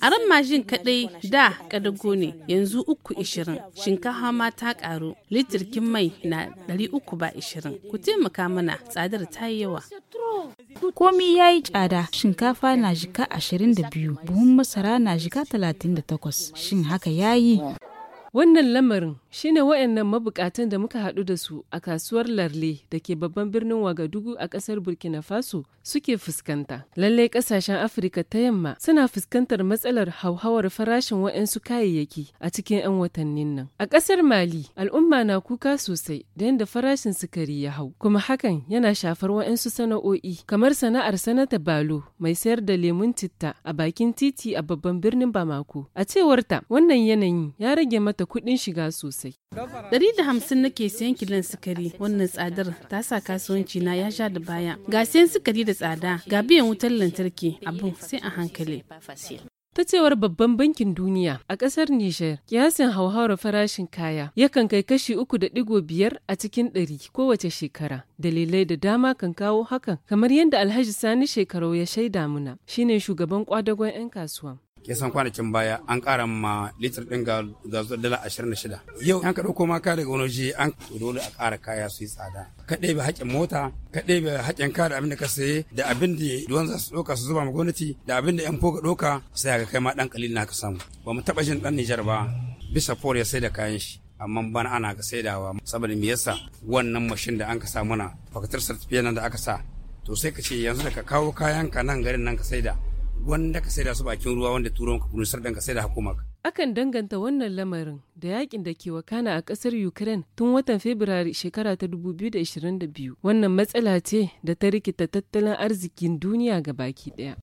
Aran majin kaɗai da ƙadago ne yanzu uku ishirin, shinkafa ma ta ƙaru, litirkin mai na ɗari uku ba ishirin. Ku taimaka mana tsadar ta yi yawa. Komi ya yi tsada, shinkafa na jika ashirin da biyu, buhun masara na jika talatin da takwas, shin haka ya yi? Wannan lamarin shi ne waɗannan mabukatan da muka haɗu da su a kasuwar Larle da ke babban birnin Wagadugu a ƙasar Burkina Faso suke fuskanta. Lalle ƙasashen Afirka ta yamma suna fuskantar matsalar hauhawar farashin waɗansu kayayyaki a cikin 'yan watannin nan. A ƙasar Mali, al'umma na kuka sosai da yadda farashin sukari ya hau, kuma hakan yana shafar waɗansu sana'o'i kamar sana'ar sanata balo mai sayar da lemun citta a bakin titi a babban birnin Bamako. A cewarta, wannan yanayin ya rage mata kuɗin shiga sosai. Ɗari da hamsin nake siyan kilon sukari wannan tsadar ta sa kasuwanci na ya sha da baya. Ga siyan sukari da tsada ga biyan wutar lantarki abu sai a hankali. ta cewar babban bankin duniya a ƙasar Nijar kiyasin hauhawar farashin kaya yakan kai kashi uku da digo biyar a cikin ɗari kowace shekara dalilai da dama kan kawo hakan kamar yadda alhaji sani shekaru ya shaida muna shine shugaban kwadagon 'yan kasuwa ya san kwanakin baya an kara ma litir ɗin ga dala ashirin da shida yau an kaɗo koma ma kaya daga wani an dole a ƙara kaya su yi tsada ka ɗebe haƙƙin mota ka ɗebe haƙƙin kaya da abin da ka saye da abin da duwan za su ɗauka su zuba ma gwamnati da abin da 'yan foga ɗauka sai ga kai ma ɗan ƙalil na ka samu ba mu taɓa jin ɗan Nijar ba bisa for ya sai da kayan shi amma bana ana ka saidawa saboda me yasa wannan mashin da an ka sa mana fakatar certificate nan da aka sa to sai ka ce yanzu da ka kawo kayan ka nan garin nan ka saida wanda ka saida su bakin ruwa wanda turo ka kunusar dan ka saida hukuma ka akan danganta wannan lamarin da yakin da ke wakana a ƙasar Ukraine tun watan february shekara ta 2022 wannan matsala ce da ta rikita tattalin arzikin duniya ga baki daya.